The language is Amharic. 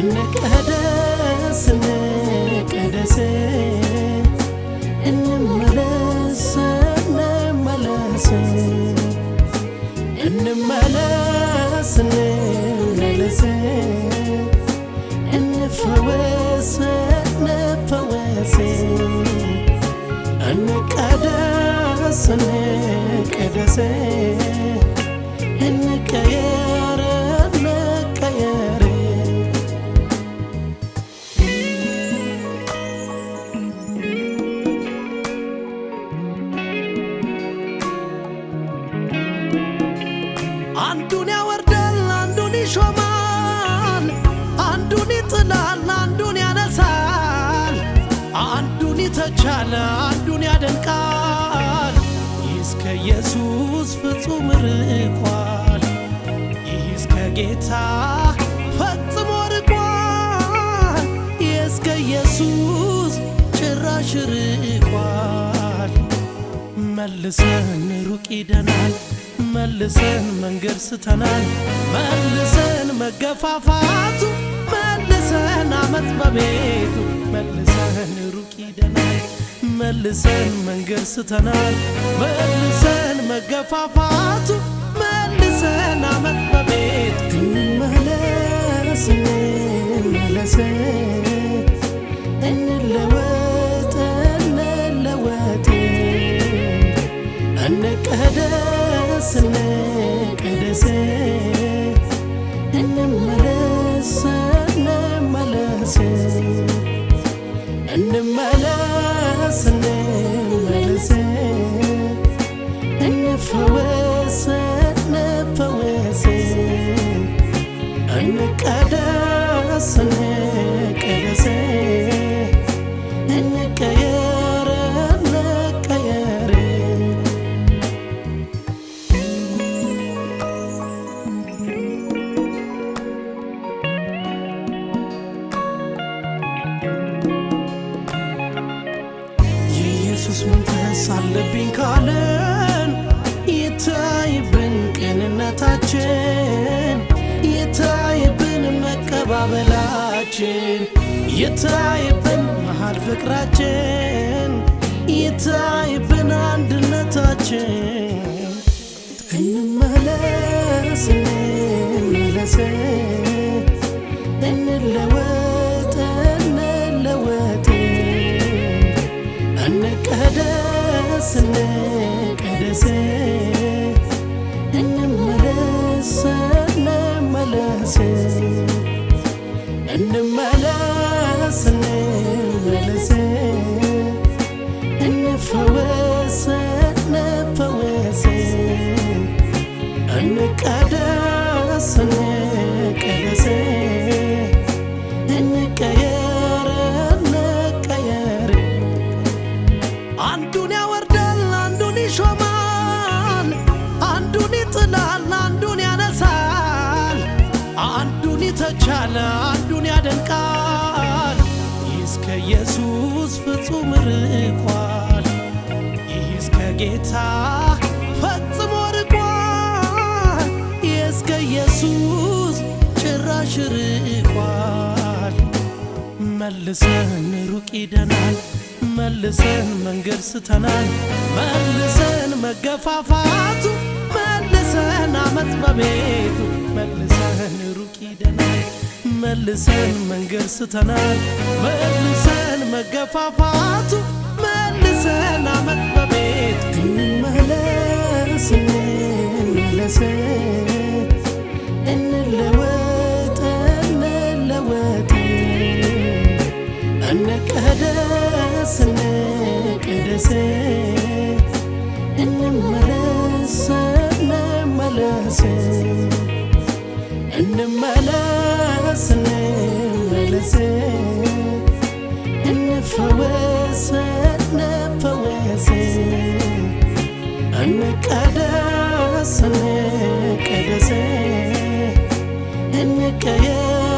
እንቀደስ እንቀደስ እንመለስ እንመለስ እንመለስ እንመለስ እንፈወስ እንፈወስ እንቀደስ እንቀደስ እንቀየስ አንዱን ያወርዳል፣ አንዱን ይሾማል፣ አንዱን ይጥላል፣ አንዱን ያነሳል፣ አንዱን ይተቻል፣ አንዱን ያደንቃል። ይህ እስከ ኢየሱስ ፍጹም ርቋል። ይህ እስከ ጌታ ፈጽሞ ርቋል። ይህ እስከ ኢየሱስ ጭራሽ ርቋል። መልሰን ሩቅ ይደናል መልሰን መንገድ ስተናል መልሰን መገፋፋቱ መልሰን አመት በቤቱ መልሰን ሩቅ ይደናል መልሰን መንገድ ስተናል መልሰን መገፋፋቱ ራሴ እንመለስ እንመለስ እንመለስ ኢየሱስ መንፈስ አለብኝ ካለን ይታይብን ቅንነታችን ይታይብን መቀባበላችን ይታይብን መሃል ፍቅራችን ይታይብን አንድነታችን እንመለስ እንመለስ እንመለስ እንመለስ እንመለስ እንፈወስ እንፈወስ እንቀደስ እንቀደስ እንቀየር ይተቻለ አንዱን ያደንቃል እስከ ኢየሱስ ፍጹም ርቋል። ይህስ ከጌታ ፈጽሞ ርቋል። እስከ ኢየሱስ ጭራሽ ርቋል። መልሰን ሩቅ ይደናል። መልሰን መንገድ ስተናል። መልሰን መገፋፋቱ መልሰን አመት በቤቱ መልሰን ሩቅ ሂደናል፣ መልሰን መንገድ ስተናል፣ መልሰን መገፋፋቱ መልሰን አመት በቤት እንመለስ እንመለስ እንለወጥ እንለወጥ እንቀደስ እንቀደስ እንመለስ እንመለስ እንመለስ እንመለስ እንፈወስ እንፈወስ እንቀደስ እንቀደስ እንቀየስ